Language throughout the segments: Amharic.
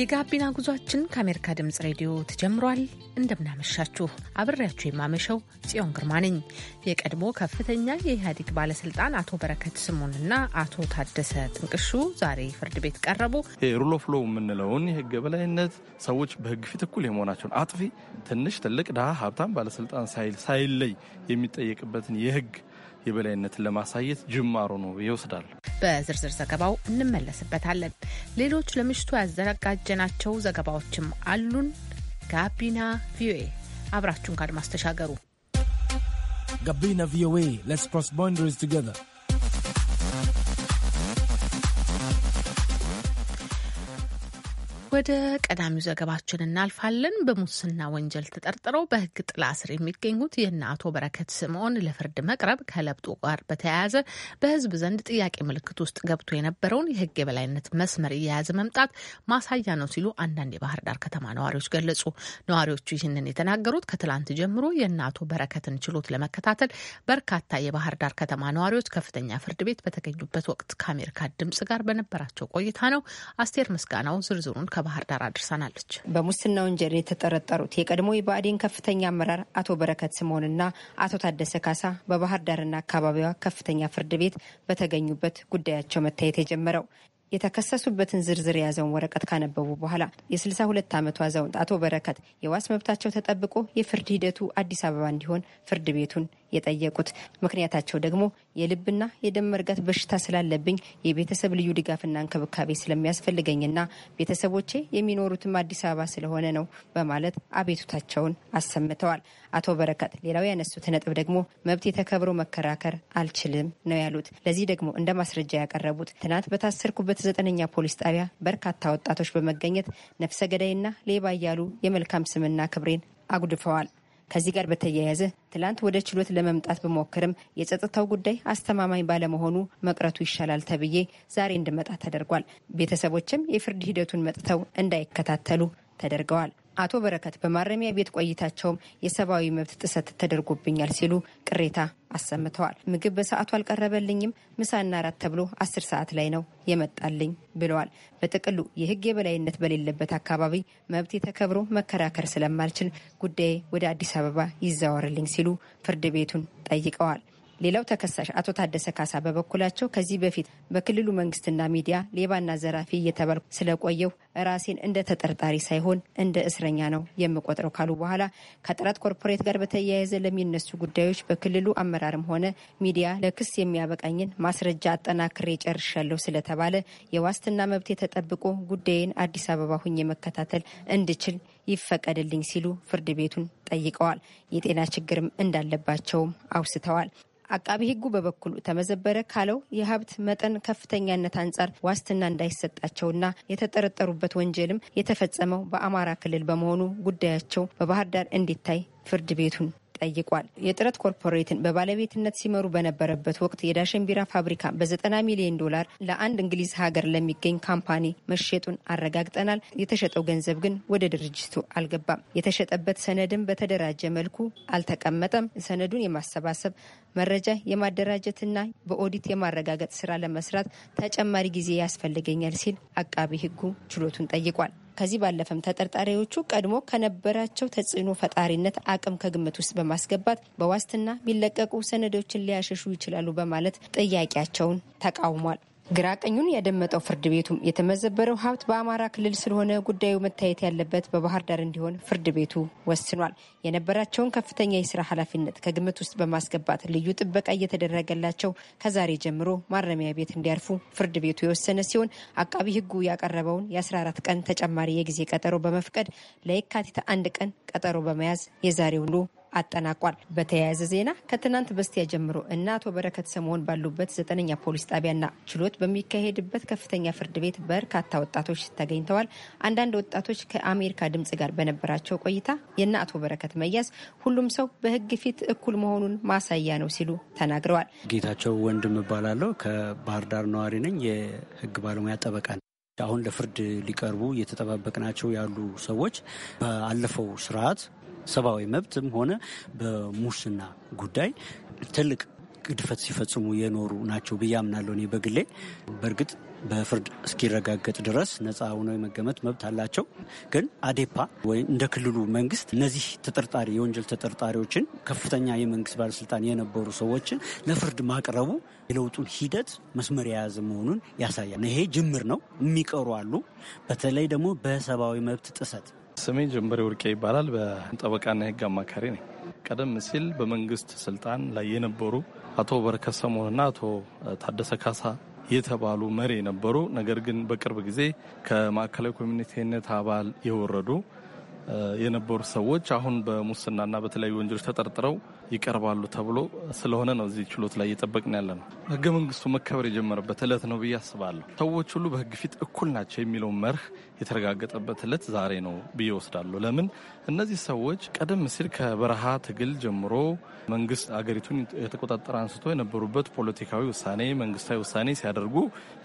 የጋቢና ጉዟችን ከአሜሪካ ድምጽ ሬዲዮ ተጀምሯል። እንደምናመሻችሁ አብሬያችሁ የማመሸው ጽዮን ግርማ ነኝ። የቀድሞ ከፍተኛ የኢህአዴግ ባለስልጣን አቶ በረከት ስምኦንና አቶ ታደሰ ጥንቅሹ ዛሬ ፍርድ ቤት ቀረቡ። ሩል ኦፍ ሎው የምንለውን የህግ በላይነት ሰዎች በህግ ፊት እኩል የመሆናቸውን አጥፊ፣ ትንሽ፣ ትልቅ፣ ድሃ፣ ሀብታም፣ ባለስልጣን ሳይል ሳይለይ የሚጠየቅበትን የህግ የበላይነትን ለማሳየት ጅማሮ ነው ይወስዳል። በዝርዝር ዘገባው እንመለስበታለን። ሌሎች ለምሽቱ ያዘጋጀናቸው ዘገባዎችም አሉን። ጋቢና ቪኦኤ አብራችሁን ከአድማስ ተሻገሩ። ጋቢና ቪኦኤ ሌትስ ክሮስ ባውንደሪስ ቱጌዘር ወደ ቀዳሚው ዘገባችን እናልፋለን። በሙስና ወንጀል ተጠርጥረው በሕግ ጥላ ስር የሚገኙት የእነ አቶ በረከት ስምዖን ለፍርድ መቅረብ ከለብጦ ጋር በተያያዘ በሕዝብ ዘንድ ጥያቄ ምልክት ውስጥ ገብቶ የነበረውን የሕግ የበላይነት መስመር እየያዘ መምጣት ማሳያ ነው ሲሉ አንዳንድ የባህር ዳር ከተማ ነዋሪዎች ገለጹ። ነዋሪዎቹ ይህንን የተናገሩት ከትላንት ጀምሮ የእነ አቶ በረከትን ችሎት ለመከታተል በርካታ የባህር ዳር ከተማ ነዋሪዎች ከፍተኛ ፍርድ ቤት በተገኙበት ወቅት ከአሜሪካ ድምጽ ጋር በነበራቸው ቆይታ ነው። አስቴር ምስጋናው ዝርዝሩን ከባህር ዳር አድርሳናለች። በሙስና ወንጀል የተጠረጠሩት የቀድሞ የብአዴን ከፍተኛ አመራር አቶ በረከት ስምኦንና አቶ ታደሰ ካሳ በባህር ዳርና አካባቢዋ ከፍተኛ ፍርድ ቤት በተገኙበት ጉዳያቸው መታየት የጀመረው የተከሰሱበትን ዝርዝር የያዘውን ወረቀት ካነበቡ በኋላ የ62 ዓመቱ አዛውንት አቶ በረከት የዋስ መብታቸው ተጠብቆ የፍርድ ሂደቱ አዲስ አበባ እንዲሆን ፍርድ ቤቱን የጠየቁት። ምክንያታቸው ደግሞ የልብና የደም መርጋት በሽታ ስላለብኝ የቤተሰብ ልዩ ድጋፍና እንክብካቤ ስለሚያስፈልገኝና ቤተሰቦቼ የሚኖሩትም አዲስ አበባ ስለሆነ ነው በማለት አቤቱታቸውን አሰምተዋል። አቶ በረከት ሌላው ያነሱት ነጥብ ደግሞ መብት የተከብሮ መከራከር አልችልም ነው ያሉት። ለዚህ ደግሞ እንደ ማስረጃ ያቀረቡት ትናንት በታሰርኩበት ዘጠነኛ ፖሊስ ጣቢያ በርካታ ወጣቶች በመገኘት ነፍሰ ገዳይና ሌባ እያሉ የመልካም ስምና ክብሬን አጉድፈዋል። ከዚህ ጋር በተያያዘ ትላንት ወደ ችሎት ለመምጣት ብሞክርም የጸጥታው ጉዳይ አስተማማኝ ባለመሆኑ መቅረቱ ይሻላል ተብዬ ዛሬ እንድመጣ ተደርጓል። ቤተሰቦችም የፍርድ ሂደቱን መጥተው እንዳይከታተሉ ተደርገዋል። አቶ በረከት በማረሚያ ቤት ቆይታቸውም የሰብአዊ መብት ጥሰት ተደርጎብኛል ሲሉ ቅሬታ አሰምተዋል። ምግብ በሰዓቱ አልቀረበልኝም፣ ምሳና አራት ተብሎ አስር ሰዓት ላይ ነው የመጣልኝ ብለዋል። በጥቅሉ የህግ የበላይነት በሌለበት አካባቢ መብት ተከብሮ መከራከር ስለማልችል ጉዳዬ ወደ አዲስ አበባ ይዛወርልኝ ሲሉ ፍርድ ቤቱን ጠይቀዋል። ሌላው ተከሳሽ አቶ ታደሰ ካሳ በበኩላቸው ከዚህ በፊት በክልሉ መንግስትና ሚዲያ ሌባና ዘራፊ እየተባልኩ ስለቆየው ራሴን እንደ ተጠርጣሪ ሳይሆን እንደ እስረኛ ነው የምቆጥረው ካሉ በኋላ ከጥረት ኮርፖሬት ጋር በተያያዘ ለሚነሱ ጉዳዮች በክልሉ አመራርም ሆነ ሚዲያ ለክስ የሚያበቃኝን ማስረጃ አጠናክሬ ጨርሻለሁ ስለተባለ የዋስትና መብቴ ተጠብቆ ጉዳይን አዲስ አበባ ሁኝ መከታተል እንድችል ይፈቀድልኝ ሲሉ ፍርድ ቤቱን ጠይቀዋል። የጤና ችግርም እንዳለባቸውም አውስተዋል። አቃቢ ሕጉ በበኩሉ ተመዘበረ ካለው የሀብት መጠን ከፍተኛነት አንጻር ዋስትና እንዳይሰጣቸውና የተጠረጠሩበት ወንጀልም የተፈጸመው በአማራ ክልል በመሆኑ ጉዳያቸው በባህር ዳር እንዲታይ ፍርድ ቤቱን ጠይቋል። የጥረት ኮርፖሬትን በባለቤትነት ሲመሩ በነበረበት ወቅት የዳሽን ቢራ ፋብሪካ በ ሚሊዮን ዶላር ለአንድ እንግሊዝ ሀገር ለሚገኝ ካምፓኒ መሸጡን አረጋግጠናል። የተሸጠው ገንዘብ ግን ወደ ድርጅቱ አልገባም። የተሸጠበት ሰነድም በተደራጀ መልኩ አልተቀመጠም። ሰነዱን የማሰባሰብ መረጃ የማደራጀትና በኦዲት የማረጋገጥ ስራ ለመስራት ተጨማሪ ጊዜ ያስፈልገኛል ሲል አቃቢ ሕጉ ችሎቱን ጠይቋል። ከዚህ ባለፈም ተጠርጣሪዎቹ ቀድሞ ከነበራቸው ተጽዕኖ ፈጣሪነት አቅም ከግምት ውስጥ በማስገባት በዋስትና ቢለቀቁ ሰነዶችን ሊያሸሹ ይችላሉ በማለት ጥያቄያቸውን ተቃውሟል። ግራ ቀኙን ያደመጠው ፍርድ ቤቱ የተመዘበረው ሀብት በአማራ ክልል ስለሆነ ጉዳዩ መታየት ያለበት በባህር ዳር እንዲሆን ፍርድ ቤቱ ወስኗል። የነበራቸውን ከፍተኛ የስራ ኃላፊነት ከግምት ውስጥ በማስገባት ልዩ ጥበቃ እየተደረገላቸው ከዛሬ ጀምሮ ማረሚያ ቤት እንዲያርፉ ፍርድ ቤቱ የወሰነ ሲሆን አቃቢ ሕጉ ያቀረበውን የ14 ቀን ተጨማሪ የጊዜ ቀጠሮ በመፍቀድ ለየካቲት አንድ ቀን ቀጠሮ በመያዝ የዛሬ ውሎ አጠናቋል። በተያያዘ ዜና ከትናንት በስቲያ ጀምሮ እና አቶ በረከት ስምኦን ባሉበት ዘጠነኛ ፖሊስ ጣቢያና ችሎት በሚካሄድበት ከፍተኛ ፍርድ ቤት በርካታ ወጣቶች ተገኝተዋል። አንዳንድ ወጣቶች ከአሜሪካ ድምጽ ጋር በነበራቸው ቆይታ የእነ አቶ በረከት መያዝ ሁሉም ሰው በህግ ፊት እኩል መሆኑን ማሳያ ነው ሲሉ ተናግረዋል። ጌታቸው ወንድም እባላለሁ ከባህር ዳር ነዋሪ ነኝ። የህግ ባለሙያ ጠበቃ አሁን ለፍርድ ሊቀርቡ እየተጠባበቅናቸው ያሉ ሰዎች በአለፈው ስርዓት ሰብአዊ መብትም ሆነ በሙስና ጉዳይ ትልቅ ግድፈት ሲፈጽሙ የኖሩ ናቸው ብዬ አምናለሁ። እኔ በግሌ በእርግጥ በፍርድ እስኪረጋገጥ ድረስ ነፃ ሆነው የመገመት መብት አላቸው። ግን አዴፓ ወይም እንደ ክልሉ መንግስት እነዚህ ተጠርጣሪ የወንጀል ተጠርጣሪዎችን ከፍተኛ የመንግስት ባለስልጣን የነበሩ ሰዎችን ለፍርድ ማቅረቡ የለውጡን ሂደት መስመር የያዘ መሆኑን ያሳያል። ይሄ ጅምር ነው። የሚቀሩ አሉ። በተለይ ደግሞ በሰብአዊ መብት ጥሰት ስሜ ጀንበሬ ወርቄ ይባላል። በጠበቃና የህግ አማካሪ ነኝ። ቀደም ሲል በመንግስት ስልጣን ላይ የነበሩ አቶ በረከት ስምኦንና አቶ ታደሰ ካሳ የተባሉ መሪ የነበሩ ነገር ግን በቅርብ ጊዜ ከማዕከላዊ ኮሚቴነት አባል የወረዱ የነበሩ ሰዎች አሁን በሙስናና በተለያዩ ወንጀሎች ተጠርጥረው ይቀርባሉ ተብሎ ስለሆነ ነው እዚህ ችሎት ላይ እየጠበቅን ያለ ነው። ህገ መንግስቱ መከበር የጀመረበት እለት ነው ብዬ አስባለሁ። ሰዎች ሁሉ በህግ ፊት እኩል ናቸው የሚለውን መርህ የተረጋገጠበት እለት ዛሬ ነው ብዬ ወስዳለሁ። ለምን እነዚህ ሰዎች ቀደም ሲል ከበረሃ ትግል ጀምሮ መንግስት አገሪቱን የተቆጣጠረ አንስቶ የነበሩበት ፖለቲካዊ ውሳኔ፣ መንግስታዊ ውሳኔ ሲያደርጉ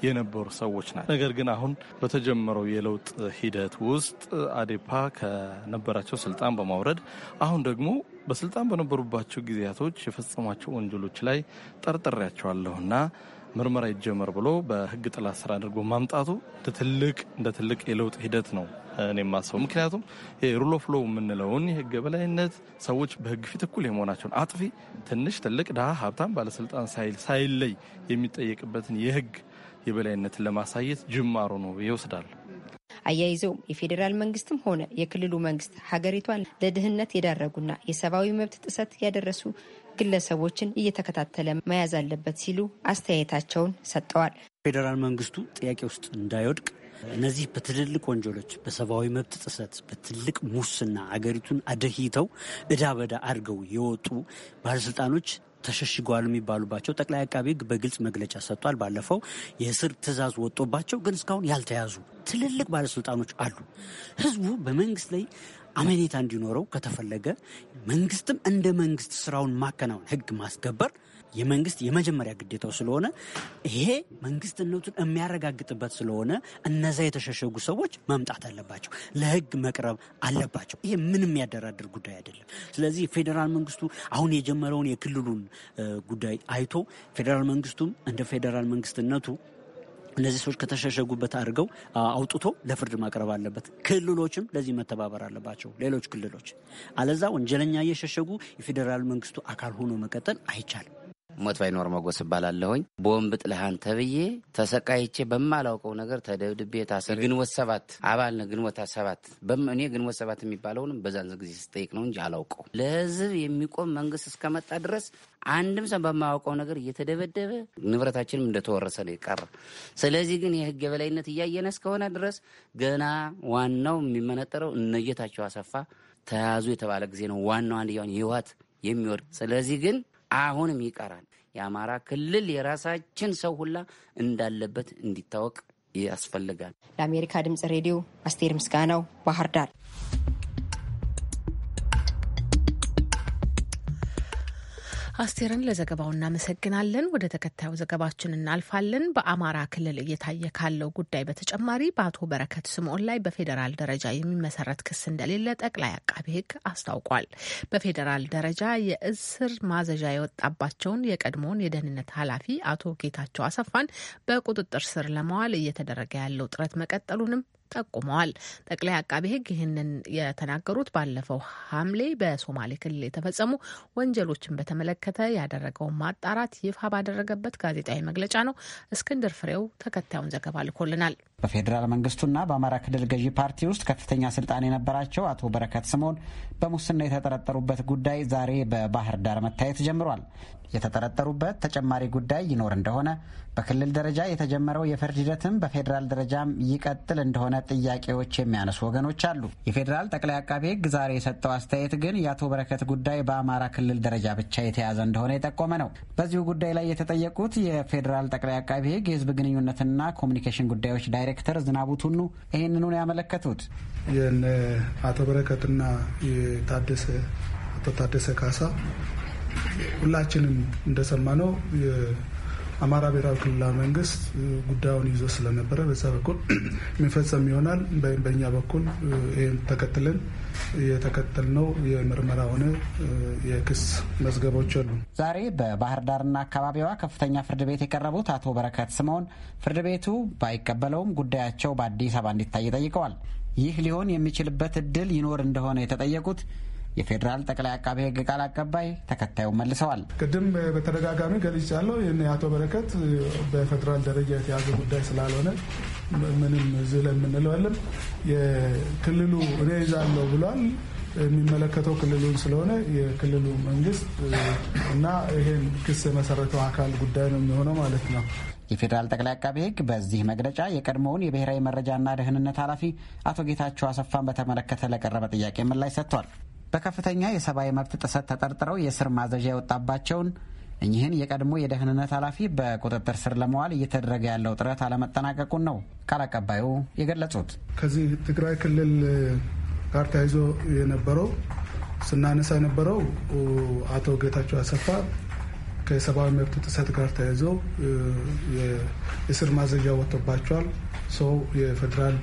የነበሩ ሰዎች ናቸው። ነገር ግን አሁን በተጀመረው የለውጥ ሂደት ውስጥ አዴፓ ከነበራቸው ስልጣን በማውረድ አሁን ደግሞ በስልጣን በነበሩባቸው ጊዜያቶች የፈጸሟቸው ወንጀሎች ላይ ጠርጥሬያቸዋለሁና ምርመራ ይጀመር ብሎ በህግ ጥላ ስር አድርጎ ማምጣቱ ትልቅ እንደ ትልቅ የለውጥ ሂደት ነው እኔ የማስበው። ምክንያቱም ሩል ኦፍ ሎው የምንለውን የህግ የበላይነት ሰዎች በህግ ፊት እኩል የመሆናቸውን አጥፊ፣ ትንሽ፣ ትልቅ፣ ድሃ፣ ሀብታም፣ ባለስልጣን ሳይለይ የሚጠየቅበትን የህግ የበላይነትን ለማሳየት ጅማሮ ነው ይወስዳል። አያይዘውም የፌዴራል መንግስትም ሆነ የክልሉ መንግስት ሀገሪቷን ለድህነት የዳረጉና የሰብአዊ መብት ጥሰት ያደረሱ ግለሰቦችን እየተከታተለ መያዝ አለበት ሲሉ አስተያየታቸውን ሰጥተዋል። ፌዴራል መንግስቱ ጥያቄ ውስጥ እንዳይወድቅ እነዚህ በትልልቅ ወንጀሎች በሰብአዊ መብት ጥሰት በትልቅ ሙስና አገሪቱን አደህተው እዳ በዳ አድርገው የወጡ ባለስልጣኖች ተሸሽገዋል የሚባሉባቸው ጠቅላይ አቃቢ ሕግ በግልጽ መግለጫ ሰጥቷል። ባለፈው የእስር ትዕዛዝ ወጦባቸው ግን እስካሁን ያልተያዙ ትልልቅ ባለስልጣኖች አሉ። ህዝቡ በመንግስት ላይ አመኔታ እንዲኖረው ከተፈለገ መንግስትም እንደ መንግስት ስራውን ማከናወን፣ ህግ ማስከበር የመንግስት የመጀመሪያ ግዴታው ስለሆነ ይሄ መንግስትነቱን የሚያረጋግጥበት ስለሆነ እነዛ የተሸሸጉ ሰዎች መምጣት አለባቸው፣ ለህግ መቅረብ አለባቸው። ይሄ ምንም የሚያደራድር ጉዳይ አይደለም። ስለዚህ ፌዴራል መንግስቱ አሁን የጀመረውን የክልሉን ጉዳይ አይቶ ፌዴራል መንግስቱም እንደ ፌዴራል መንግስትነቱ እነዚህ ሰዎች ከተሸሸጉበት አድርገው አውጥቶ ለፍርድ ማቅረብ አለበት። ክልሎችም ለዚህ መተባበር አለባቸው። ሌሎች ክልሎች አለዛ ወንጀለኛ እየሸሸጉ የፌዴራል መንግስቱ አካል ሆኖ መቀጠል አይቻልም። ሞት ባይኖር መጎስ እባላለሁኝ። ቦምብ ጥልሃን ተብዬ ተሰቃይቼ በማላውቀው ነገር ተደብድቤ ታሰር ግንቦት ሰባት አባል ነ ግንቦት ሰባት እኔ ግንቦት ሰባት የሚባለውንም በዛን ጊዜ ስጠይቅ ነው እንጂ አላውቀው። ለህዝብ የሚቆም መንግስት እስከመጣ ድረስ አንድም ሰው በማያውቀው ነገር እየተደበደበ ንብረታችንም እንደተወረሰ ነው የቀረ። ስለዚህ ግን የህግ የበላይነት እያየነ እስከሆነ ድረስ ገና ዋናው የሚመነጠረው እነየታቸው አሰፋ ተያዙ የተባለ ጊዜ ነው ዋናው አንድ ያውን ህይወት የሚወድ ስለዚህ ግን አሁንም ይቀራል። የአማራ ክልል የራሳችን ሰው ሁላ እንዳለበት እንዲታወቅ ያስፈልጋል። ለአሜሪካ ድምጽ ሬዲዮ አስቴር ምስጋናው ባህር ዳር። አስቴርን ለዘገባው እናመሰግናለን። ወደ ተከታዩ ዘገባችን እናልፋለን። በአማራ ክልል እየታየ ካለው ጉዳይ በተጨማሪ በአቶ በረከት ስምኦን ላይ በፌዴራል ደረጃ የሚመሰረት ክስ እንደሌለ ጠቅላይ አቃቢ ሕግ አስታውቋል። በፌዴራል ደረጃ የእስር ማዘዣ የወጣባቸውን የቀድሞውን የደህንነት ኃላፊ አቶ ጌታቸው አሰፋን በቁጥጥር ስር ለመዋል እየተደረገ ያለው ጥረት መቀጠሉንም ጠቁመዋል። ጠቅላይ አቃቤ ሕግ ይህንን የተናገሩት ባለፈው ሐምሌ በሶማሌ ክልል የተፈጸሙ ወንጀሎችን በተመለከተ ያደረገውን ማጣራት ይፋ ባደረገበት ጋዜጣዊ መግለጫ ነው። እስክንድር ፍሬው ተከታዩን ዘገባ ልኮልናል። በፌዴራል መንግስቱና በአማራ ክልል ገዢ ፓርቲ ውስጥ ከፍተኛ ስልጣን የነበራቸው አቶ በረከት ስምኦን በሙስና የተጠረጠሩበት ጉዳይ ዛሬ በባህር ዳር መታየት ጀምሯል። የተጠረጠሩበት ተጨማሪ ጉዳይ ይኖር እንደሆነ በክልል ደረጃ የተጀመረው የፍርድ ሂደትም በፌዴራል ደረጃም ይቀጥል እንደሆነ ጥያቄዎች የሚያነሱ ወገኖች አሉ። የፌዴራል ጠቅላይ አቃቤ ሕግ ዛሬ የሰጠው አስተያየት ግን የአቶ በረከት ጉዳይ በአማራ ክልል ደረጃ ብቻ የተያዘ እንደሆነ የጠቆመ ነው። በዚሁ ጉዳይ ላይ የተጠየቁት የፌዴራል ጠቅላይ አቃቤ ሕግ የህዝብ ግንኙነትና ኮሚኒኬሽን ጉዳዮች ዳይሬ ዳይሬክተር ዝናቡ ቱኑ ይህንኑን ያመለከቱት የነ አቶ በረከትና የታደሰ አቶ ታደሰ ካሳ ሁላችንም እንደሰማ ነው አማራ ብሔራዊ ክልላዊ መንግስት ጉዳዩን ይዞ ስለነበረ በዛ በኩል የሚፈጸም ይሆናል። በእኛ በኩል ይህን ተከትለን የተከተልነው የምርመራ ሆነ የክስ መዝገቦች አሉ። ዛሬ በባህር ዳርና አካባቢዋ ከፍተኛ ፍርድ ቤት የቀረቡት አቶ በረከት ስምኦን ፍርድ ቤቱ ባይቀበለውም ጉዳያቸው በአዲስ አበባ እንዲታይ ጠይቀዋል። ይህ ሊሆን የሚችልበት እድል ይኖር እንደሆነ የተጠየቁት የፌዴራል ጠቅላይ አቃቤ ሕግ ቃል አቀባይ ተከታዩን መልሰዋል። ቅድም በተደጋጋሚ ገልጫለሁ። ይህ የአቶ በረከት በፌዴራል ደረጃ የተያዘ ጉዳይ ስላልሆነ ምንም እዚህ ላይ የምንለው የክልሉ እኔ ይዛለሁ ብሏል። የሚመለከተው ክልሉን ስለሆነ የክልሉ መንግስት እና ይሄን ክስ የመሰረተው አካል ጉዳይ ነው የሚሆነው ማለት ነው። የፌዴራል ጠቅላይ አቃቤ ሕግ በዚህ መግለጫ የቀድሞውን የብሔራዊ መረጃና ደህንነት ኃላፊ አቶ ጌታቸው አሰፋን በተመለከተ ለቀረበ ጥያቄ ምላሽ ሰጥቷል። በከፍተኛ የሰብአዊ መብት ጥሰት ተጠርጥረው የስር ማዘዣ የወጣባቸውን እኚህን የቀድሞ የደህንነት ኃላፊ በቁጥጥር ስር ለመዋል እየተደረገ ያለው ጥረት አለመጠናቀቁን ነው ቃል አቀባዩ የገለጹት። ከዚህ ትግራይ ክልል ጋር ተያይዞ የነበረው ስናነሳ የነበረው አቶ ጌታቸው አሰፋ ከሰብአዊ መብት ጥሰት ጋር ተያይዞ የእስር ማዘዣ ወጥቶባቸዋል። ሰው የፌዴራል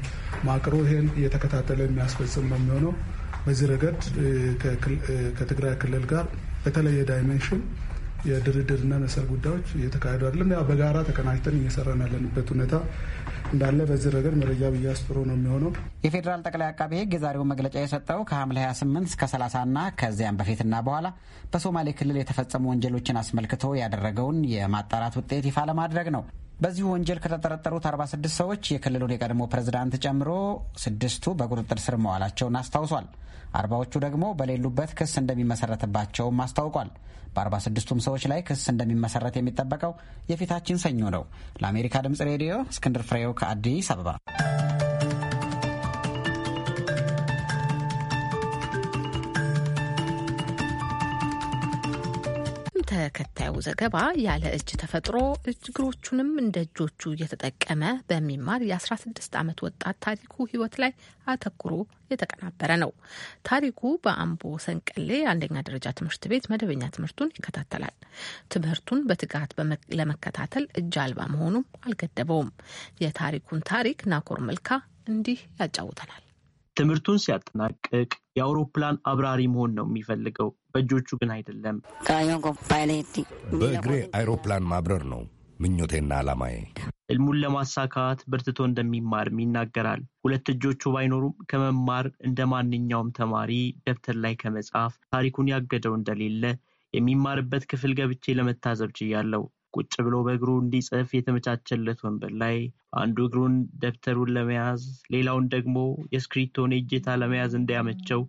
ማቅሮ ይሄን እየተከታተለ የሚያስፈጽም ነው የሚሆነው። በዚህ ረገድ ከትግራይ ክልል ጋር በተለየ ዳይሜንሽን የድርድርና መሰል ጉዳዮች እየተካሄዱ አይደለም። ያው በጋራ ተቀናጅተን እየሰራን ያለንበት ሁኔታ እንዳለ በዚህ ረገድ መረጃ ብያስ ጥሩ ነው የሚሆነው። የፌዴራል ጠቅላይ አቃቤ ሕግ የዛሬው መግለጫ የሰጠው ከሐምሌ 28 እስከ 30ና ከዚያም በፊትና በኋላ በሶማሌ ክልል የተፈጸሙ ወንጀሎችን አስመልክቶ ያደረገውን የማጣራት ውጤት ይፋ ለማድረግ ነው። በዚሁ ወንጀል ከተጠረጠሩት 46 ሰዎች የክልሉን የቀድሞ ፕሬዝዳንት ጨምሮ ስድስቱ በቁጥጥር ስር መዋላቸውን አስታውሷል። አርባዎቹ ደግሞ በሌሉበት ክስ እንደሚመሰረትባቸውም አስታውቋል። በ46ቱም ሰዎች ላይ ክስ እንደሚመሰረት የሚጠበቀው የፊታችን ሰኞ ነው። ለአሜሪካ ድምጽ ሬዲዮ እስክንድር ፍሬው ከአዲስ አበባ ተከታዩ ዘገባ ያለ እጅ ተፈጥሮ እግሮቹንም እንደ እጆቹ እየተጠቀመ በሚማር የ16 ዓመት ወጣት ታሪኩ ህይወት ላይ አተኩሮ የተቀናበረ ነው። ታሪኩ በአምቦ ሰንቀሌ አንደኛ ደረጃ ትምህርት ቤት መደበኛ ትምህርቱን ይከታተላል። ትምህርቱን በትጋት ለመከታተል እጅ አልባ መሆኑም አልገደበውም። የታሪኩን ታሪክ ናኮር መልካ እንዲህ ያጫውተናል። ትምህርቱን ሲያጠናቅቅ የአውሮፕላን አብራሪ መሆን ነው የሚፈልገው። በእጆቹ ግን አይደለም። በእግሬ አይሮፕላን ማብረር ነው ምኞቴና አላማዬ። እልሙን ለማሳካት በርትቶ እንደሚማርም ይናገራል። ሁለት እጆቹ ባይኖሩም ከመማር እንደ ማንኛውም ተማሪ ደብተር ላይ ከመጻፍ ታሪኩን ያገደው እንደሌለ የሚማርበት ክፍል ገብቼ ለመታዘብ ችያለሁ። ቁጭ ብሎ በእግሩ እንዲጽፍ የተመቻቸለት ወንበር ላይ አንዱ እግሩን ደብተሩን ለመያዝ ሌላውን ደግሞ የእስክሪብቶን እጀታ ለመያዝ እንዲያመቸው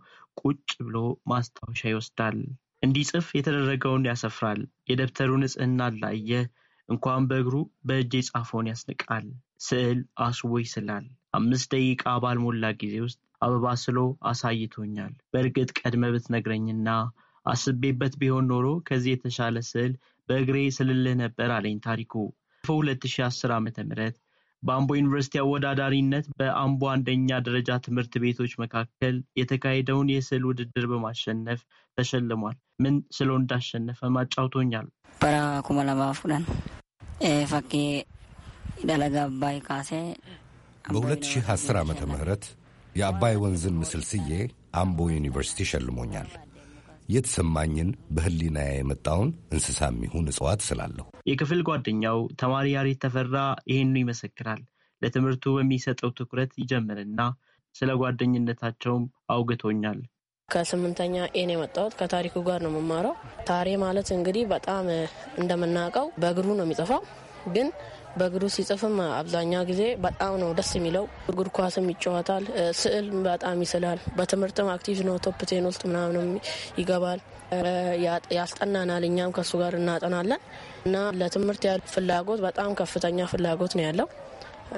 ቁጭ ብሎ ማስታወሻ ይወስዳል። እንዲጽፍ የተደረገውን ያሰፍራል። የደብተሩ ንጽህና አላየ እንኳን በእግሩ በእጅ የጻፈውን ያስንቃል። ስዕል አስቦ ይስላል። አምስት ደቂቃ ባልሞላ ጊዜ ውስጥ አበባ ስሎ አሳይቶኛል። በእርግጥ ቀድመ ብትነግረኝና አስቤበት ቢሆን ኖሮ ከዚህ የተሻለ ስዕል በእግሬ ስልልህ ነበር አለኝ ታሪኩ። ፎ 2010 ዓ. ም። በአምቦ ዩኒቨርሲቲ አወዳዳሪነት በአምቦ አንደኛ ደረጃ ትምህርት ቤቶች መካከል የተካሄደውን የስዕል ውድድር በማሸነፍ ተሸልሟል። ምን ስለው እንዳሸነፈ ማጫውቶኛል። በራ ኩማ ለማ ፉዳን ፈኬ ደለጋ አባይ ካሴ በ2010 ዓ ምህረት የአባይ ወንዝን ምስል ስዬ አምቦ ዩኒቨርሲቲ ሸልሞኛል። የተሰማኝን በህሊና የመጣውን እንስሳ የሚሆን እጽዋት ስላለሁ። የክፍል ጓደኛው ተማሪ ያሬት ተፈራ ይህኑ ይመሰክራል። ለትምህርቱ በሚሰጠው ትኩረት ይጀምርና ስለ ጓደኝነታቸውም አውግቶኛል። ከስምንተኛ ኤን የመጣሁት ከታሪኩ ጋር ነው የምማረው። ታሬ ማለት እንግዲህ በጣም እንደምናውቀው በእግሩ ነው የሚጽፋው ግን በእግሩ ሲጽፍም አብዛኛው ጊዜ በጣም ነው ደስ የሚለው። እግር ኳስም ይጫወታል፣ ስዕል በጣም ይስላል። በትምህርትም አክቲቭ ነው። ቶፕቴን ውስጥ ምናምንም ይገባል፣ ያስጠናናል። እኛም ከሱ ጋር እናጠናለን እና ለትምህርት ያ ፍላጎት በጣም ከፍተኛ ፍላጎት ነው ያለው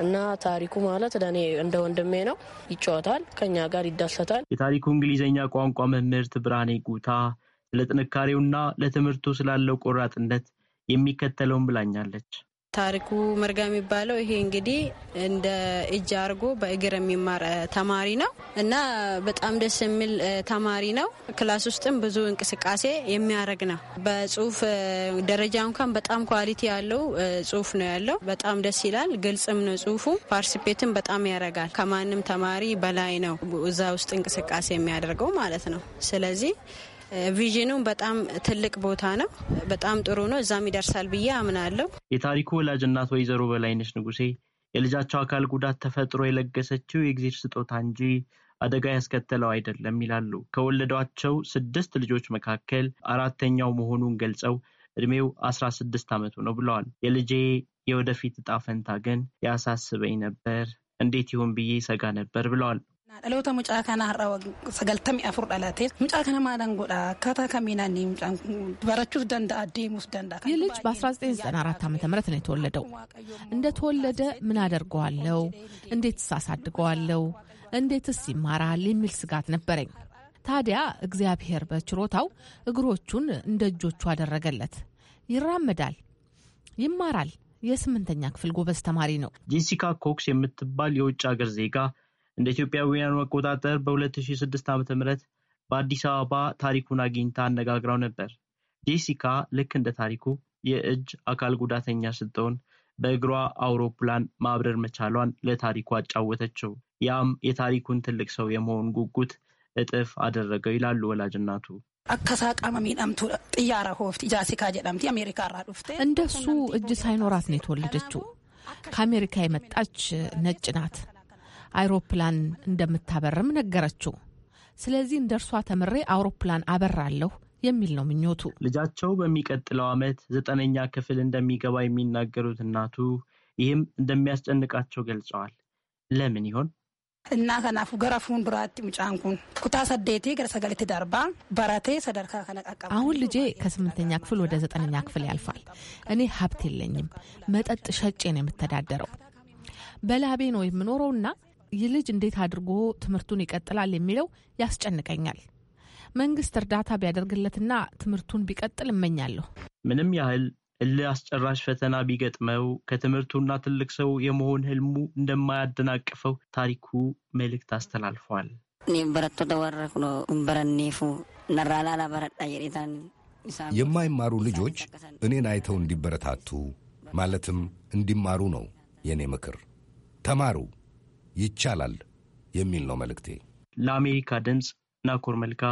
እና ታሪኩ ማለት ለእኔ እንደ ወንድሜ ነው። ይጫወታል፣ ከኛ ጋር ይደሰታል። የታሪኩ እንግሊዝኛ ቋንቋ መምህርት ብርሃኔ ጉታ ለጥንካሬውና ለትምህርቱ ስላለው ቆራጥነት የሚከተለውን ብላኛለች። ታሪኩ መርጋ የሚባለው ይሄ እንግዲህ እንደ እጅ አድርጎ በእግር የሚማር ተማሪ ነው እና በጣም ደስ የሚል ተማሪ ነው። ክላስ ውስጥም ብዙ እንቅስቃሴ የሚያደርግ ነው። በጽሁፍ ደረጃ እንኳን በጣም ኳሊቲ ያለው ጽሁፍ ነው ያለው። በጣም ደስ ይላል። ግልጽም ነው ጽሁፉ። ፓርቲስፔትም በጣም ያደርጋል። ከማንም ተማሪ በላይ ነው እዛ ውስጥ እንቅስቃሴ የሚያደርገው ማለት ነው። ስለዚህ ቪዥኑም በጣም ትልቅ ቦታ ነው። በጣም ጥሩ ነው። እዛም ይደርሳል ብዬ አምናለሁ። የታሪኩ ወላጅ እናት ወይዘሮ በላይነሽ ንጉሴ የልጃቸው አካል ጉዳት ተፈጥሮ የለገሰችው የእግዜር ስጦታ እንጂ አደጋ ያስከተለው አይደለም ይላሉ። ከወለዷቸው ስድስት ልጆች መካከል አራተኛው መሆኑን ገልጸው እድሜው አስራ ስድስት ዓመቱ ነው ብለዋል። የልጄ የወደፊት እጣ ፈንታ ግን ያሳስበኝ ነበር እንዴት ይሁን ብዬ ይሰጋ ነበር ብለዋል። Dhaloota mucaa har'a sagaltamii afur dhalate mucaa kana maalan godha akkaataa kamiin mucaan barachuuf danda'a deemuuf danda'a. ይህ ልጅ በ1994 ዓ ም ነው የተወለደው። እንደተወለደ ምን አደርገዋለው? እንዴትስ አሳድገዋለው? እንዴትስ ይማራል? የሚል ስጋት ነበረኝ። ታዲያ እግዚአብሔር በችሮታው እግሮቹን እንደ እጆቹ አደረገለት። ይራመዳል፣ ይማራል። የስምንተኛ ክፍል ጎበዝ ተማሪ ነው። ጄሲካ ኮክስ የምትባል የውጭ ሀገር ዜጋ እንደ ኢትዮጵያውያኑ አቆጣጠር በ2006 ዓ.ም በአዲስ አበባ ታሪኩን አግኝታ አነጋግራው ነበር። ጄሲካ ልክ እንደ ታሪኩ የእጅ አካል ጉዳተኛ ስትሆን በእግሯ አውሮፕላን ማብረር መቻሏን ለታሪኩ አጫወተችው። ያም የታሪኩን ትልቅ ሰው የመሆን ጉጉት እጥፍ አደረገው ይላሉ ወላጅ እናቱ። እንደሱ እጅ ሳይኖራት ነው የተወለደችው። ከአሜሪካ የመጣች ነጭ ናት። አይሮፕላን እንደምታበርም ነገረችው። ስለዚህ እንደ እርሷ ተምሬ አውሮፕላን አበራለሁ የሚል ነው ምኞቱ። ልጃቸው በሚቀጥለው ዓመት ዘጠነኛ ክፍል እንደሚገባ የሚናገሩት እናቱ ይህም እንደሚያስጨንቃቸው ገልጸዋል። ለምን ይሆን? እና ከናፉ ገረፉን ብራት ምጫንኩን ኩታ ሰዴቴ ገረሰገሌት ዳርባ በረቴ ሰደርካ ከነቃቃ አሁን ልጄ ከስምንተኛ ክፍል ወደ ዘጠነኛ ክፍል ያልፋል። እኔ ሀብት የለኝም። መጠጥ ሸጬ ነው የምተዳደረው። በላቤ ነው የምኖረውና ይህ ልጅ እንዴት አድርጎ ትምህርቱን ይቀጥላል የሚለው ያስጨንቀኛል። መንግስት እርዳታ ቢያደርግለትና ትምህርቱን ቢቀጥል እመኛለሁ። ምንም ያህል እልህ አስጨራሽ ፈተና ቢገጥመው ከትምህርቱና ትልቅ ሰው የመሆን ህልሙ እንደማያደናቅፈው ታሪኩ መልእክት አስተላልፏል። የማይማሩ ልጆች እኔን አይተው እንዲበረታቱ ማለትም እንዲማሩ ነው የእኔ ምክር። ተማሩ ይቻላል የሚል ነው መልእክቴ። ለአሜሪካ ድምፅ ናኮር መልካ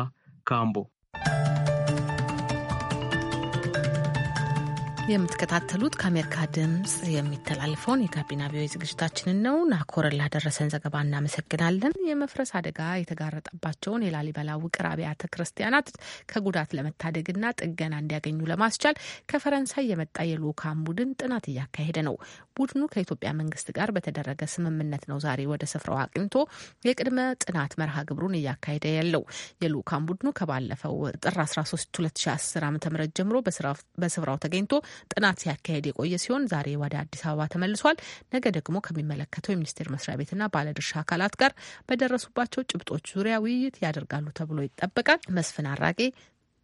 ካምቦ የምትከታተሉት ከአሜሪካ ድምፅ የሚተላለፈውን የጋቢና ቪኦኤ ዝግጅታችንን ነው። ናኮር ላደረሰን ዘገባ እናመሰግናለን። የመፍረስ አደጋ የተጋረጠባቸውን የላሊበላ ውቅር አብያተ ክርስቲያናት ከጉዳት ለመታደግና ጥገና እንዲያገኙ ለማስቻል ከፈረንሳይ የመጣ የልኡካን ቡድን ጥናት እያካሄደ ነው። ቡድኑ ከኢትዮጵያ መንግስት ጋር በተደረገ ስምምነት ነው ዛሬ ወደ ስፍራው አቅንቶ የቅድመ ጥናት መርሃ ግብሩን እያካሄደ ያለው። የልኡካን ቡድኑ ከባለፈው ጥር 13 2010 ዓ ም ጀምሮ በስፍራው ተገኝቶ ጥናት ሲያካሄድ የቆየ ሲሆን ዛሬ ወደ አዲስ አበባ ተመልሷል። ነገ ደግሞ ከሚመለከተው የሚኒስቴር መስሪያ ቤትና ባለድርሻ አካላት ጋር በደረሱባቸው ጭብጦች ዙሪያ ውይይት ያደርጋሉ ተብሎ ይጠበቃል። መስፍን አራጌ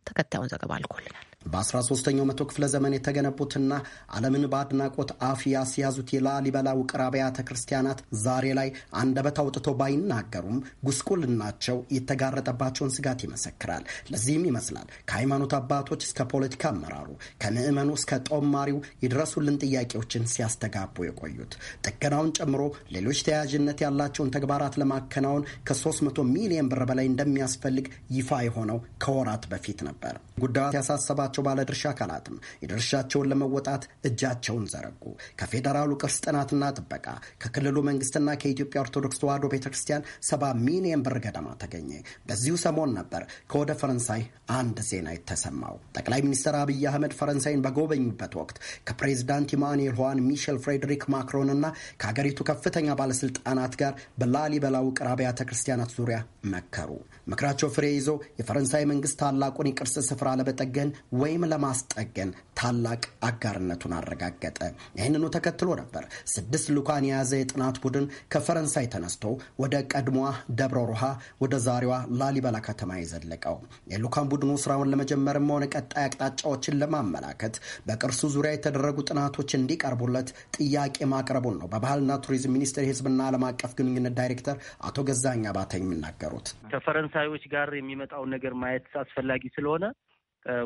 ተከታዩን ዘገባ አልኮልናል። በ13ኛው መቶ ክፍለ ዘመን የተገነቡትና ዓለምን በአድናቆት አፍ ያስያዙት የላሊበላ ውቅር አብያተ ክርስቲያናት ዛሬ ላይ አንደበት አውጥቶ ባይናገሩም ጉስቁልናቸው የተጋረጠባቸውን ስጋት ይመሰክራል። ለዚህም ይመስላል ከሃይማኖት አባቶች እስከ ፖለቲካ አመራሩ፣ ከምዕመኑ እስከ ጦማሪው የድረሱልን ጥያቄዎችን ሲያስተጋቡ የቆዩት ጥገናውን ጨምሮ ሌሎች ተያያዥነት ያላቸውን ተግባራት ለማከናወን ከ300 ሚሊዮን ብር በላይ እንደሚያስፈልግ ይፋ የሆነው ከወራት በፊት ነበር። ጉዳዩ ያሳሰባቸው ባለድርሻ አካላትም የድርሻቸውን ለመወጣት እጃቸውን ዘረጉ። ከፌዴራሉ ቅርስ ጥናትና ጥበቃ፣ ከክልሉ መንግስትና ከኢትዮጵያ ኦርቶዶክስ ተዋሕዶ ቤተ ክርስቲያን ሰባ ሚሊየን ብር ገደማ ተገኘ። በዚሁ ሰሞን ነበር ከወደ ፈረንሳይ አንድ ዜና የተሰማው። ጠቅላይ ሚኒስትር አብይ አህመድ ፈረንሳይን በጎበኙበት ወቅት ከፕሬዚዳንት ኢማኑኤል ሆዋን ሚሼል ፍሬድሪክ ማክሮንና ከሀገሪቱ ከፍተኛ ባለስልጣናት ጋር በላሊበላ ውቅር አብያተ ክርስቲያናት ዙሪያ መከሩ። ምክራቸው ፍሬ ይዞ የፈረንሳይ መንግስት ታላቁን የቅርስ ስፍራ ስፍራ ለመጠገን ወይም ለማስጠገን ታላቅ አጋርነቱን አረጋገጠ። ይህንኑ ተከትሎ ነበር ስድስት ልዑካን የያዘ የጥናት ቡድን ከፈረንሳይ ተነስቶ ወደ ቀድሞዋ ደብረ ሮሃ ወደ ዛሬዋ ላሊበላ ከተማ የዘለቀው። የልዑካን ቡድኑ ስራውን ለመጀመርም ሆነ ቀጣይ አቅጣጫዎችን ለማመላከት በቅርሱ ዙሪያ የተደረጉ ጥናቶች እንዲቀርቡለት ጥያቄ ማቅረቡን ነው በባህልና ቱሪዝም ሚኒስቴር የህዝብና ዓለም አቀፍ ግንኙነት ዳይሬክተር አቶ ገዛኛ ባተ የሚናገሩት ከፈረንሳዮች ጋር የሚመጣውን ነገር ማየት አስፈላጊ ስለሆነ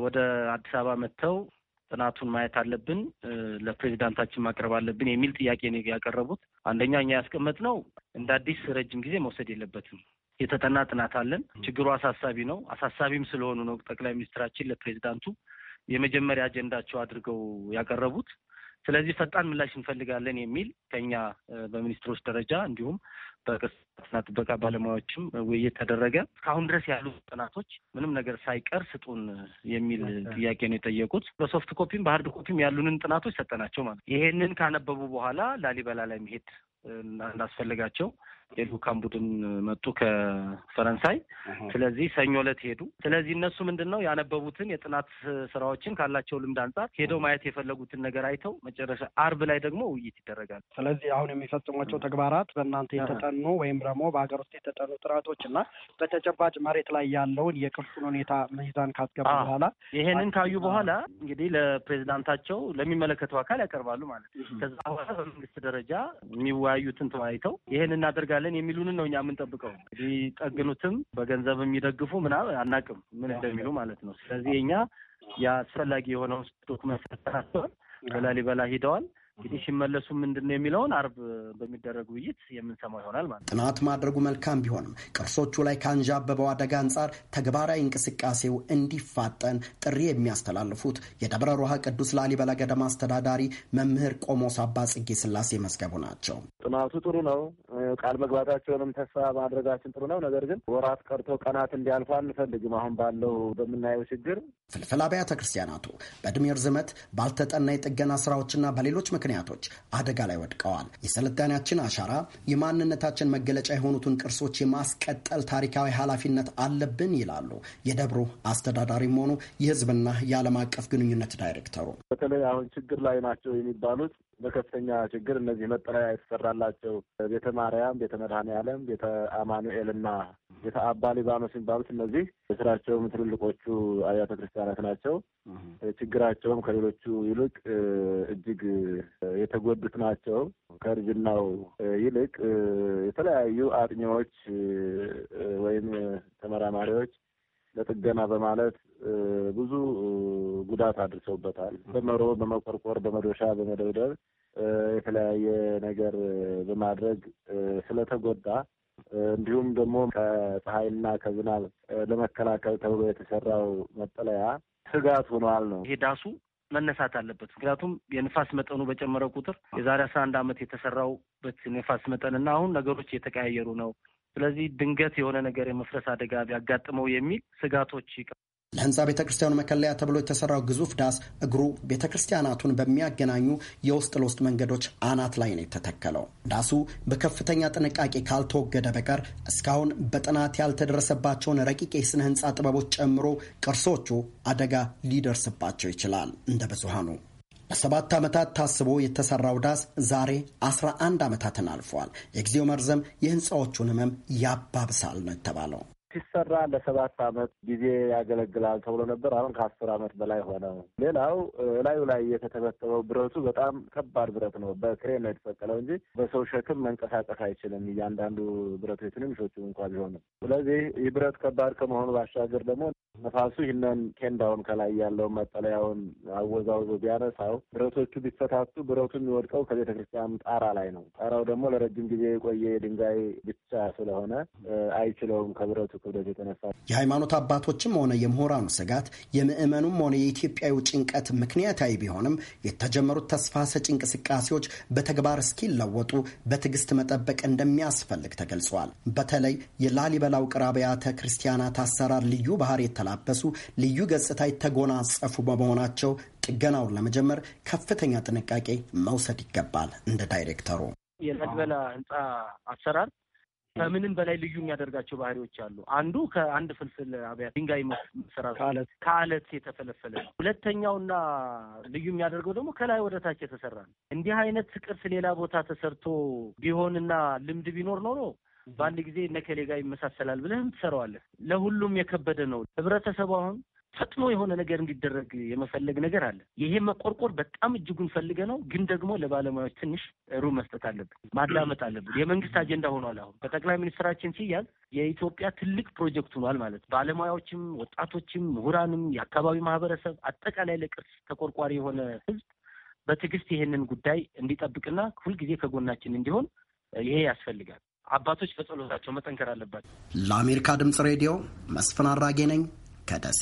ወደ አዲስ አበባ መጥተው ጥናቱን ማየት አለብን፣ ለፕሬዚዳንታችን ማቅረብ አለብን የሚል ጥያቄ ነው ያቀረቡት። አንደኛ እኛ ያስቀመጥነው እንደ አዲስ ረጅም ጊዜ መውሰድ የለበትም የተጠና ጥናት አለን። ችግሩ አሳሳቢ ነው። አሳሳቢም ስለሆኑ ነው ጠቅላይ ሚኒስትራችን ለፕሬዚዳንቱ የመጀመሪያ አጀንዳቸው አድርገው ያቀረቡት። ስለዚህ ፈጣን ምላሽ እንፈልጋለን የሚል ከኛ በሚኒስትሮች ደረጃ እንዲሁም በቅርጽና ጥበቃ ባለሙያዎችም ውይይት ተደረገ። እስካሁን ድረስ ያሉ ጥናቶች ምንም ነገር ሳይቀር ስጡን የሚል ጥያቄ ነው የጠየቁት። በሶፍት ኮፒም በሀርድ ኮፒም ያሉንን ጥናቶች ሰጠናቸው ማለት ይሄንን ካነበቡ በኋላ ላሊበላ ላይ መሄድ እንዳስፈልጋቸው የልኡካን ቡድን መጡ ከፈረንሳይ። ስለዚህ ሰኞ ዕለት ሄዱ። ስለዚህ እነሱ ምንድን ነው ያነበቡትን የጥናት ስራዎችን ካላቸው ልምድ አንጻር ሄደው ማየት የፈለጉትን ነገር አይተው መጨረሻ አርብ ላይ ደግሞ ውይይት ይደረጋል። ስለዚህ አሁን የሚፈጽሟቸው ተግባራት በእናንተ የተጠኑ ወይም ደግሞ በሀገር ውስጥ የተጠኑ ጥናቶች እና በተጨባጭ መሬት ላይ ያለውን የቅርሱን ሁኔታ ሚዛን ካስገቡ በኋላ ይሄንን ካዩ በኋላ እንግዲህ ለፕሬዚዳንታቸው ለሚመለከተው አካል ያቀርባሉ ማለት ነው። ከዛ በኋላ በመንግስት ደረጃ የሚወያዩትን ተወያይተው ይሄን እናደርጋል እንረዳለን የሚሉንን ነው እኛ የምንጠብቀው። እንግዲህ ጠግኑትም በገንዘብ የሚደግፉ ምናምን አናቅም ምን እንደሚሉ ማለት ነው። ስለዚህ እኛ የአስፈላጊ የሆነው ዶክመንት ሰጠናቸዋል። በላሊበላ ሂደዋል። እንግዲህ ሲመለሱ ምንድን ነው የሚለውን አርብ በሚደረግ ውይይት የምንሰማው ይሆናል ማለት። ጥናት ማድረጉ መልካም ቢሆንም ቅርሶቹ ላይ ከአንዣበበው አደጋ አንጻር ተግባራዊ እንቅስቃሴው እንዲፋጠን ጥሪ የሚያስተላልፉት የደብረ ሮሃ ቅዱስ ላሊበላ ገደማ አስተዳዳሪ መምህር ቆሞስ አባ ጽጌ ስላሴ መዝገቡ ናቸው። ጥናቱ ጥሩ ነው፣ ቃል መግባታቸውንም ተስፋ ማድረጋችን ጥሩ ነው። ነገር ግን ወራት ቀርቶ ቀናት እንዲያልፉ አንፈልግም። አሁን ባለው በምናየው ችግር ፍልፍል አብያተ ክርስቲያናቱ በእድሜ ርዝመት ባልተጠና የጥገና ስራዎችና በሌሎች ምክር ምክንያቶች አደጋ ላይ ወድቀዋል። የስልጣኔያችን አሻራ፣ የማንነታችን መገለጫ የሆኑትን ቅርሶች የማስቀጠል ታሪካዊ ኃላፊነት አለብን ይላሉ የደብሩ አስተዳዳሪም ሆኑ የህዝብና የዓለም አቀፍ ግንኙነት ዳይሬክተሩ። በተለይ አሁን ችግር ላይ ናቸው የሚባሉት በከፍተኛ ችግር እነዚህ መጠለያ የተሰራላቸው ቤተ ማርያም፣ ቤተ መድኃኔ ዓለም፣ ቤተ አማኑኤል እና ቤተ አባ ሊባኖስ የሚባሉት እነዚህ የስራቸውም ትልልቆቹ አብያተ ክርስቲያናት ናቸው። ችግራቸውም ከሌሎቹ ይልቅ እጅግ የተጎዱት ናቸው። ከእርጅናው ይልቅ የተለያዩ አጥኚዎች ወይም ተመራማሪዎች ለጥገና በማለት ብዙ ጉዳት አድርሰውበታል። በመሮ በመቆርቆር፣ በመዶሻ፣ በመደብደብ የተለያየ ነገር በማድረግ ስለተጎዳ እንዲሁም ደግሞ ከፀሐይና ከዝናብ ለመከላከል ተብሎ የተሰራው መጠለያ ስጋት ሆኗል ነው። ይሄ ዳሱ መነሳት አለበት። ምክንያቱም የንፋስ መጠኑ በጨመረ ቁጥር የዛሬ አስራ አንድ ዓመት የተሰራውበት ንፋስ መጠንና አሁን ነገሮች የተቀያየሩ ነው። ስለዚህ ድንገት የሆነ ነገር የመፍረስ አደጋ ቢያጋጥመው የሚል ስጋቶች ይቀር ለህንፃ ቤተ ክርስቲያኑ መከለያ ተብሎ የተሰራው ግዙፍ ዳስ እግሩ ቤተ ክርስቲያናቱን በሚያገናኙ የውስጥ ለውስጥ መንገዶች አናት ላይ ነው የተተከለው። ዳሱ በከፍተኛ ጥንቃቄ ካልተወገደ በቀር እስካሁን በጥናት ያልተደረሰባቸውን ረቂቅ የስነ ህንፃ ጥበቦች ጨምሮ ቅርሶቹ አደጋ ሊደርስባቸው ይችላል እንደ ብዙሃኑ በሰባት ዓመታት ታስቦ የተሰራው ዳስ ዛሬ 11 ዓመታትን አልፏል። የጊዜው መርዘም የህንፃዎቹን ህመም ያባብሳል ነው የተባለው። ሲሰራ ለሰባት አመት ጊዜ ያገለግላል ተብሎ ነበር። አሁን ከአስር አመት በላይ ሆነው። ሌላው እላዩ ላይ የተተበጠበው ብረቱ በጣም ከባድ ብረት ነው። በክሬን ነው የተሰቀለው እንጂ በሰው ሸክም መንቀሳቀስ አይችልም። እያንዳንዱ ብረቱ የትንንሾቹ እንኳ ቢሆኑ። ስለዚህ ይህ ብረት ከባድ ከመሆኑ ባሻገር ደግሞ ነፋሱ ይህንን ኬንዳውን ከላይ ያለውን መጠለያውን አወዛውዞ ቢያነሳው ብረቶቹ ቢፈታቱ ብረቱ የሚወድቀው ከቤተ ክርስቲያን ጣራ ላይ ነው። ጣራው ደግሞ ለረጅም ጊዜ የቆየ የድንጋይ ብቻ ስለሆነ አይችለውም ከብረቱ ክብደት የተነሳ የሃይማኖት አባቶችም ሆነ የምሁራኑ ስጋት የምዕመኑም ሆነ የኢትዮጵያዊ ጭንቀት ምክንያታዊ ቢሆንም የተጀመሩት ተስፋ ሰጪ እንቅስቃሴዎች በተግባር እስኪለወጡ በትዕግስት መጠበቅ እንደሚያስፈልግ ተገልጿል። በተለይ የላሊበላ ውቅር አብያተ ክርስቲያናት አሰራር ልዩ ባህር የተላበሱ ልዩ ገጽታ የተጎናጸፉ በመሆናቸው ጥገናውን ለመጀመር ከፍተኛ ጥንቃቄ መውሰድ ይገባል። እንደ ዳይሬክተሩ የላሊበላ ህንፃ አሰራር ከምንም በላይ ልዩ የሚያደርጋቸው ባህሪዎች አሉ። አንዱ ከአንድ ፍልፍል አብያት ድንጋይ መሰራት ከአለት የተፈለፈለ ነው። ሁለተኛውና ልዩ የሚያደርገው ደግሞ ከላይ ወደ ታች የተሰራ ነው። እንዲህ አይነት ቅርስ ሌላ ቦታ ተሰርቶ ቢሆንና ልምድ ቢኖር ኖሮ በአንድ ጊዜ ነከሌ ጋር ይመሳሰላል ብለህም ትሰራዋለህ። ለሁሉም የከበደ ነው ህብረተሰቡ አሁን ፈጥኖ የሆነ ነገር እንዲደረግ የመፈለግ ነገር አለ። ይሄ መቆርቆር በጣም እጅጉን ፈልገ ነው፣ ግን ደግሞ ለባለሙያዎች ትንሽ ሩም መስጠት አለብን፣ ማዳመጥ አለብን። የመንግስት አጀንዳ ሆኗል። አሁን በጠቅላይ ሚኒስትራችን ሲያዝ የኢትዮጵያ ትልቅ ፕሮጀክት ሆኗል ማለት ባለሙያዎችም፣ ወጣቶችም፣ ምሁራንም፣ የአካባቢ ማህበረሰብ አጠቃላይ ለቅርስ ተቆርቋሪ የሆነ ህዝብ በትዕግስት ይሄንን ጉዳይ እንዲጠብቅና ሁልጊዜ ከጎናችን እንዲሆን ይሄ ያስፈልጋል። አባቶች በጸሎታቸው መጠንከር አለባቸው። ለአሜሪካ ድምጽ ሬዲዮ መስፍን አራጌ ነኝ ከደሴ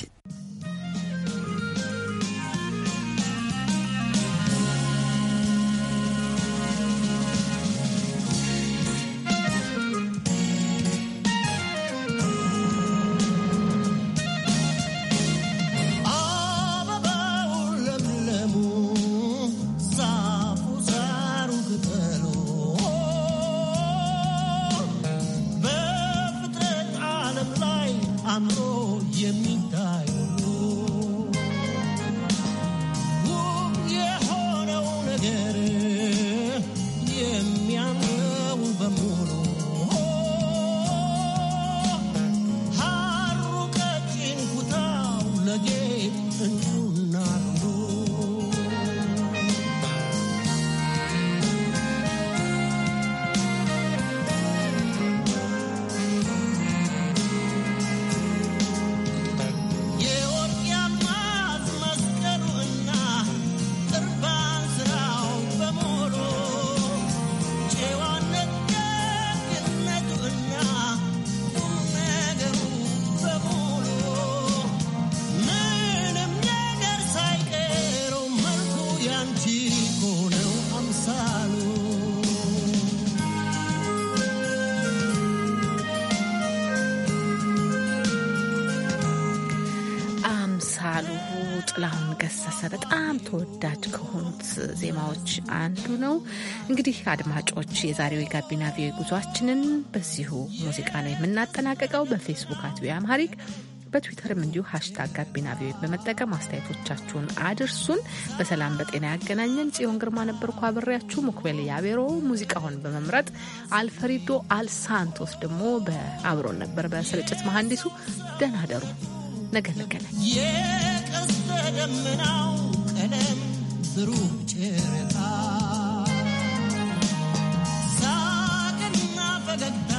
ሳሉ አምሳሉ ጥላሁን ገሰሰ በጣም ተወዳጅ ከሆኑት ዜማዎች አንዱ ነው። እንግዲህ አድማጮች የዛሬው የጋቢና ቪዮ ጉዟችንን በዚሁ ሙዚቃ ነው የምናጠናቀቀው። በፌስቡክ አትቢ አምሃሪክ በትዊተርም እንዲሁ ሀሽታግ ጋቢና ቪኦኤ በመጠቀም አስተያየቶቻችሁን አድርሱን። በሰላም በጤና ያገናኘን። ጽዮን ግርማ ነበርኩ አብሬያችሁ። ሞክቤል ያቤሮ ሙዚቃውን በመምረጥ አልፈሪዶ አልሳንቶስ ደግሞ በአብሮን ነበር በስርጭት መሐንዲሱ። ደህና ደሩ። ነገ እንገናኝ። የቀስተ ደመናው ቀለም ብሩህ ጨረቃ ሳቅና ፈገግታ